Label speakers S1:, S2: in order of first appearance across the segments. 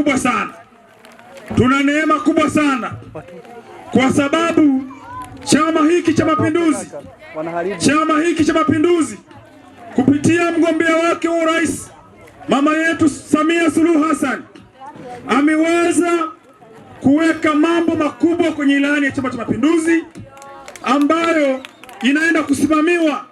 S1: kubwa sana, tuna neema kubwa sana kwa sababu chama hiki cha Mapinduzi, chama hiki cha Mapinduzi kupitia mgombea wake wa urais mama yetu Samia Suluhu Hassan ameweza kuweka mambo makubwa kwenye ilani ya Chama cha Mapinduzi ambayo inaenda kusimamiwa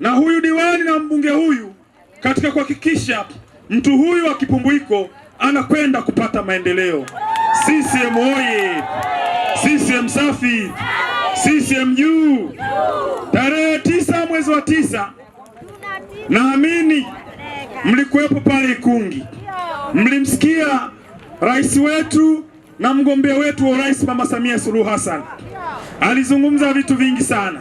S1: na huyu diwani na mbunge huyu katika kuhakikisha mtu huyu wa Kipumbuiko anakwenda kupata maendeleo. CCM oye! CCM safi! CCM juu! Tarehe tisa mwezi wa tisa, naamini mlikuwepo pale Ikungi, mlimsikia rais wetu na mgombea wetu wa urais Mama Samia Suluhu Hassan alizungumza vitu vingi sana,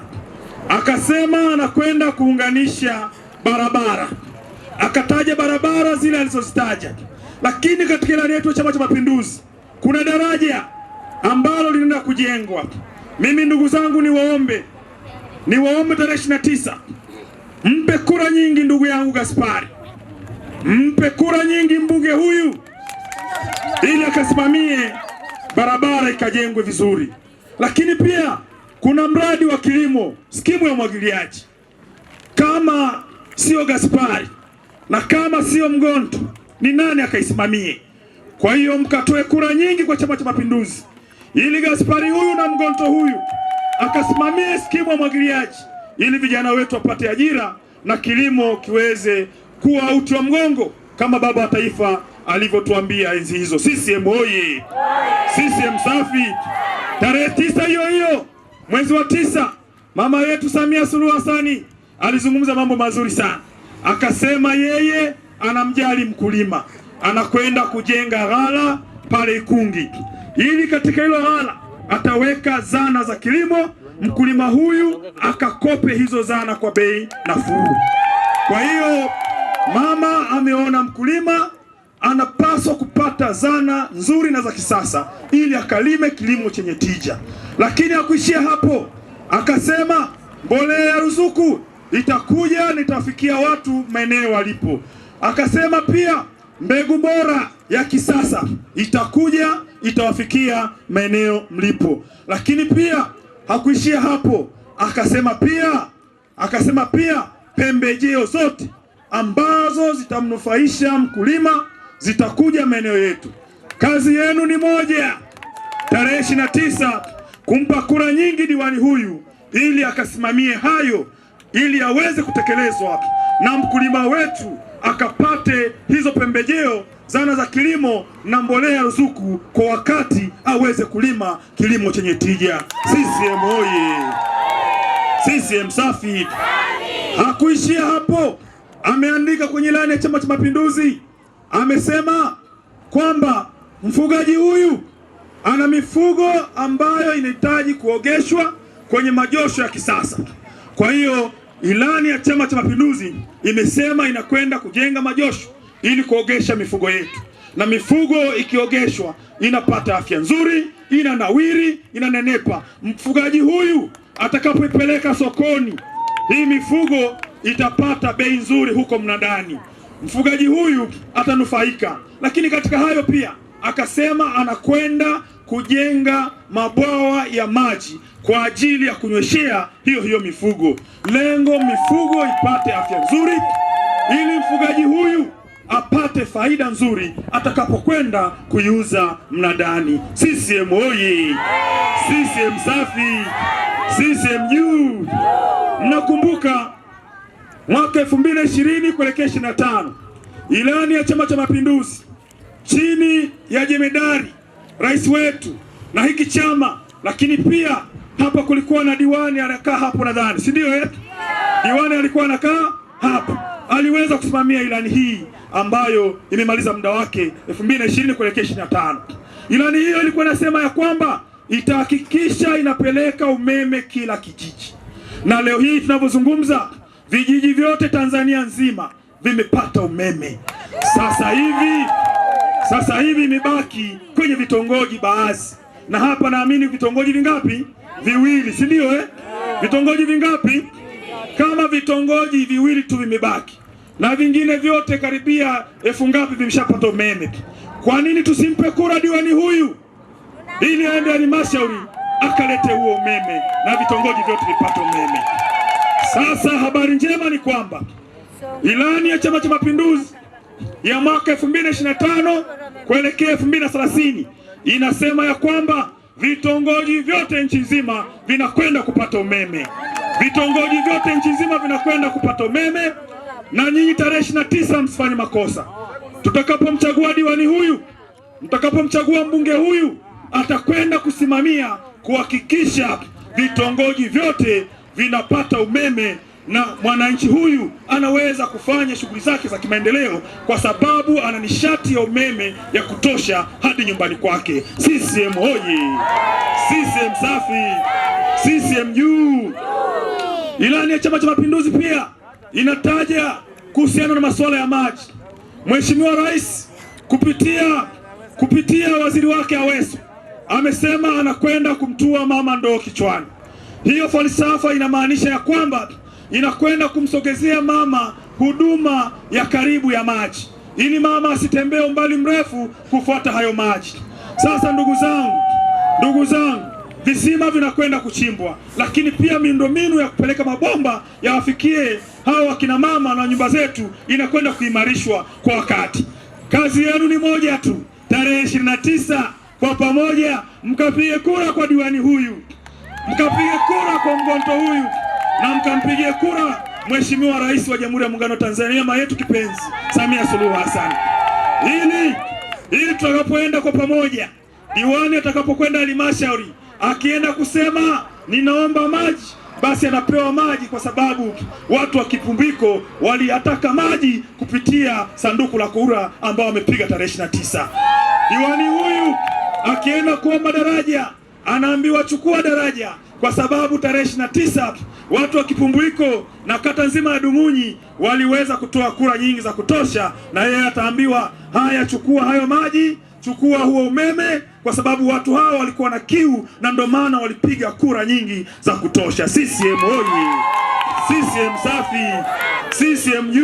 S1: akasema anakwenda kuunganisha barabara, akataja barabara zile alizozitaja lakini katika ilani yetu ya Chama cha Mapinduzi kuna daraja ambalo linaenda kujengwa. Mimi ndugu zangu, niwaombe niwaombe, tarehe ishirini na tisa mpe kura nyingi ndugu yangu Gaspari, mpe kura nyingi mbunge huyu ili akasimamie barabara ikajengwe vizuri. Lakini pia kuna mradi wa kilimo, skimu ya umwagiliaji. Kama sio Gaspari na kama sio Mgonto ni nani akaisimamie. Kwa hiyo mkatoe kura nyingi kwa Chama cha Mapinduzi ili Gaspari huyu na Mgonto huyu akasimamie skimu ya mwagiliaji ili vijana wetu wapate ajira na kilimo kiweze kuwa uti wa mgongo kama baba wa taifa alivyotuambia enzi hizo. CCM oye! CCM safi! Tarehe tisa hiyo hiyo mwezi wa tisa, mama yetu Samia Suluhu Hassani alizungumza mambo mazuri sana, akasema yeye anamjali mkulima, anakwenda kujenga ghala pale Ikungi, ili katika hilo ghala ataweka zana za kilimo, mkulima huyu akakope hizo zana kwa bei nafuu. Kwa hiyo mama ameona mkulima anapaswa kupata zana nzuri na za kisasa ili akalime kilimo chenye tija, lakini hakuishia hapo. Akasema mbolea ya ruzuku itakuja, nitafikia watu maeneo walipo. Akasema pia mbegu bora ya kisasa itakuja itawafikia maeneo mlipo, lakini pia hakuishia hapo. Akasema pia akasema pia pembejeo zote ambazo zitamnufaisha mkulima zitakuja maeneo yetu. Kazi yenu ni moja, tarehe ishirini na tisa kumpa kura nyingi diwani huyu ili akasimamie hayo, ili aweze kutekelezwa na mkulima wetu akapate hizo pembejeo, zana za kilimo na mbolea ruzuku kwa wakati, aweze kulima kilimo chenye tija. CCM oye! CCM safi! Hakuishia hapo, ameandika kwenye ilani ya Chama cha Mapinduzi, amesema kwamba mfugaji huyu ana mifugo ambayo inahitaji kuogeshwa kwenye majosho ya kisasa. Kwa hiyo Ilani ya Chama cha Mapinduzi imesema inakwenda kujenga majosho ili kuogesha mifugo yetu, na mifugo ikiogeshwa inapata afya nzuri, ina nawiri, inanenepa. Mfugaji huyu atakapoipeleka sokoni hii mifugo itapata bei nzuri huko mnadani, mfugaji huyu atanufaika. Lakini katika hayo pia akasema anakwenda kujenga mabwawa ya maji kwa ajili ya kunyweshea hiyo hiyo mifugo. Lengo mifugo ipate afya nzuri, ili mfugaji huyu apate faida nzuri atakapokwenda kuiuza mnadani. CCM oye! CCM safi! CCM juu! Mnakumbuka mwaka 2020 kuelekea 25 ilani ya Chama cha Mapinduzi chini ya jemedari rais wetu na hiki chama, lakini pia hapa kulikuwa na diwani anakaa hapo, nadhani si ndio? Yetu eh? diwani alikuwa anakaa hapo, aliweza kusimamia ilani hii ambayo imemaliza muda wake 2020 kuelekea 25. Ilani hiyo ilikuwa inasema ya kwamba itahakikisha inapeleka umeme kila kijiji, na leo hii tunavyozungumza vijiji vyote Tanzania nzima vimepata umeme sasa hivi sasa hivi imebaki kwenye vitongoji baadhi, na hapa naamini vitongoji vingapi? Viwili, si ndio eh? Vitongoji vingapi? Kama vitongoji viwili tu vimebaki, na vingine vyote karibia elfu ngapi vimeshapata umeme. Kwa nini tusimpe kura diwani huyu ili aende halmashauri akalete huo umeme na vitongoji vyote vipate umeme? Sasa habari njema ni kwamba ilani ya Chama cha Mapinduzi ya mwaka tano kuelekea elfu mbili na thelathini inasema ya kwamba vitongoji vyote nchi nzima vinakwenda kupata umeme, vitongoji vyote nchi nzima vinakwenda kupata umeme. Na nyinyi tarehe ishirini na tisa msifanye makosa. Tutakapomchagua diwani huyu, mtakapomchagua mbunge huyu, atakwenda kusimamia kuhakikisha vitongoji vyote vinapata umeme na mwananchi huyu anaweza kufanya shughuli zake za kimaendeleo kwa sababu ana nishati ya umeme ya kutosha hadi nyumbani kwake. CCM hoji! CCM safi! CCM juu! Ilani ya Chama cha Mapinduzi pia inataja kuhusiana na masuala ya maji. Mheshimiwa Rais kupitia kupitia waziri wake Aweso amesema anakwenda kumtua mama ndoo kichwani. Hiyo falsafa inamaanisha ya kwamba inakwenda kumsogezea mama huduma ya karibu ya maji, ili mama asitembee umbali mrefu kufuata hayo maji. Sasa ndugu zangu, ndugu zangu, visima vinakwenda kuchimbwa, lakini pia miundombinu ya kupeleka mabomba yawafikie hawa wakina mama na nyumba zetu inakwenda kuimarishwa kwa wakati. Kazi yenu ni moja tu, tarehe ishirini na tisa kwa pamoja mkapige kura kwa diwani huyu, mkapige kura kwa mgonto huyu na mkampigie kura Mheshimiwa Rais wa Jamhuri ya Muungano wa Tanzania, mama yetu kipenzi Samia Suluhu Hassan, ili ili tutakapoenda kwa pamoja, diwani atakapokwenda halmashauri akienda kusema ninaomba maji, basi anapewa maji, kwa sababu watu wa Kipumbiko waliataka maji kupitia sanduku la kura ambao wamepiga tarehe ishirini na tisa. Diwani huyu akienda kuomba daraja anaambiwa chukua daraja, kwa sababu tarehe ishirini na tisa Watu wa Kipumbuiko na kata nzima ya Dumunyi waliweza kutoa kura nyingi za kutosha, na yeye ataambiwa haya, chukua hayo maji, chukua huo umeme, kwa sababu watu hao walikuwa na kiu, na ndio maana walipiga kura nyingi za kutosha. CCM oye! CCM safi! CCM